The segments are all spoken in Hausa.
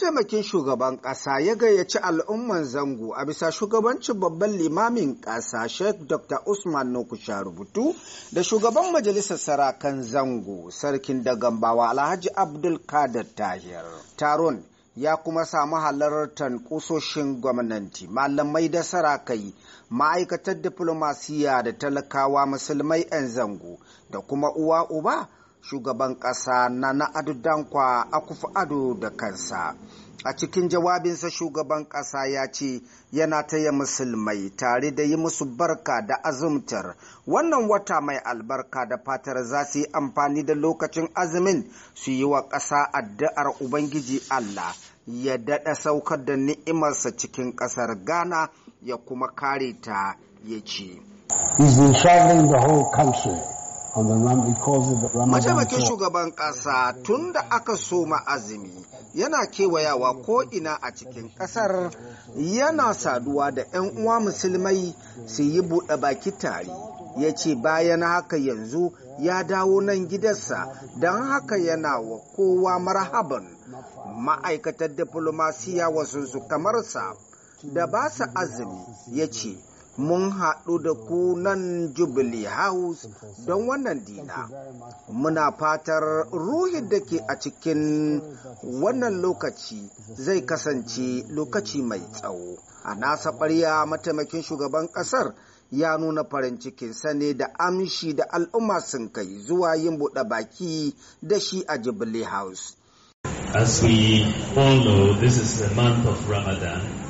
mataimakin shugaban ƙasa ya gayyaci al'umman zango a bisa shugabancin babban limamin ƙasa sheikh dr usman nokusha rubutu da shugaban majalisar sarakan zango sarkin dagambawa alhaji abdul kadir tahir taron ya kuma samu halartar kusoshin gwamnati malamai da sarakai ma'aikatar diplomasiya da talakawa musulmai 'yan zango da kuma uwa uba shugaban ƙasa na na a akufu ado da kansa a cikin jawabinsa shugaban ƙasa ya ce yana taya musulmai tare da yi musu barka da azumtar wannan wata mai albarka da fatar za su yi amfani da lokacin azumin su yi wa ƙasa addu'ar ubangiji allah ya daɗa saukar da ni'imarsa cikin ƙasar ghana ya kuma kare ta ya ce Mataimakin shugaban ƙasa tun da aka soma azumi yana kewayawa ko'ina a cikin ƙasar yana saduwa da 'yan uwa musulmai su yi buɗe baki tare. Ya ce bayan haka yanzu ya dawo nan gidansa don haka yana wa kowa marhaban ma'aikatar diplomasiya wasu su kamar sa, da ba su azumi ya ce mun haɗu da ku nan Jubilee House don wannan dina. Muna fatar ruhin da ke a cikin wannan lokaci zai kasance lokaci mai tsawo. A nasa ɓarya mataimakin shugaban ƙasar ya nuna farin cikinsa ne da amshi da al'umma sun kai zuwa yin buɗe baki da shi a Jubilee House. As we all know, this is the month of Ramadan.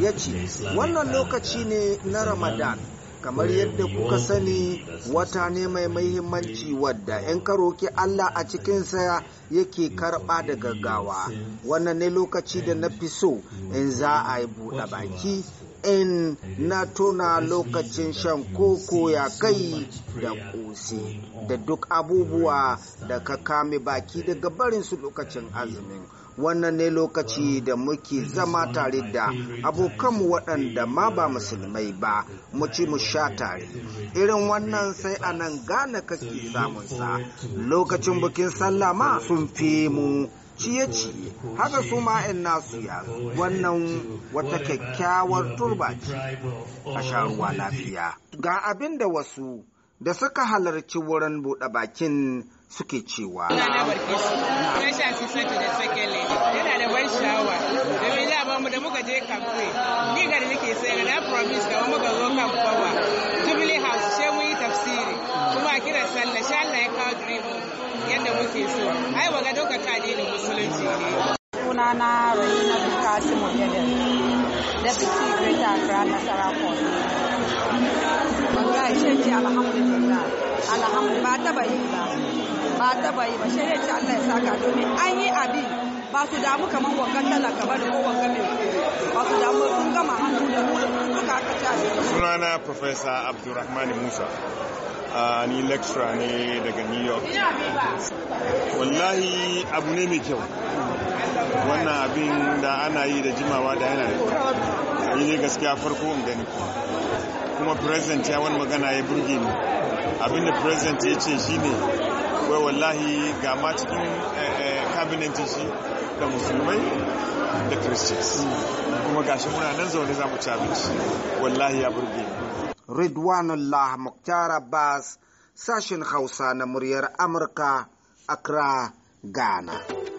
ya ce wannan lokaci ne na ramadan kamar yadda kuka sani wata ne mai mahimmanci wadda 'yan karoki Allah a cikinsa yake karɓa da gaggawa wannan ne lokaci da na fi so in za a yi buɗe baki in na tona lokacin shan koko ya kai da kusi da duk abubuwa da ka kame baki daga barinsu lokacin azumin wannan ne lokaci da muke zama tare da abokanmu waɗanda ma ba musulmai ba mu ci mu sha tare irin wannan sai a nan gane kake sa. lokacin bukin sallah ma sun fi mu ciye-ciye haka su ma'in nasu ya wannan wata kyakkyawar turba ce a sha ruwa lafiya ga abin da wasu da suka halarci wurin buɗe bakin suke cewa. Yana da ban sha'awa, domin labarinmu da muka je kamfe, gigar nake sayar na promise da muka zo kan kowa. Jubilee House, she mun yi tafsiri, kuma a kiran sallah, sha Allah ya kawo dribu yadda muke so. Ai, waga doka ta ne musulunci ne. Sunana Rahina Bukati Mohammed, Deputy Greater Accra Nasarawa. alhamdulillah alhamdulillah ba taba yi ba ba taba yi ba shirya ce Allah ya saka domin an yi abin ba su damu kamar wangan talaka ba da ko wangan ba su damu sun gama hannu da mu da suka aka ci abin sunana professor abdurrahman musa a ni lecturer ne daga new york wallahi abu ne mai kyau wannan abin da ana yi da jimawa da yana da kyau ne gaskiya farko in gani kuma president ya wani magana ya burge ni abinda president ya ce shine wai wallahi ga ma cikin eh, eh, cabinet shi da musulmai da christians kuma gashi muna nan zaune za mu ci abinci wallahi ya burge ni ridwanullah muktar abbas sashin hausa na muryar amurka accra ghana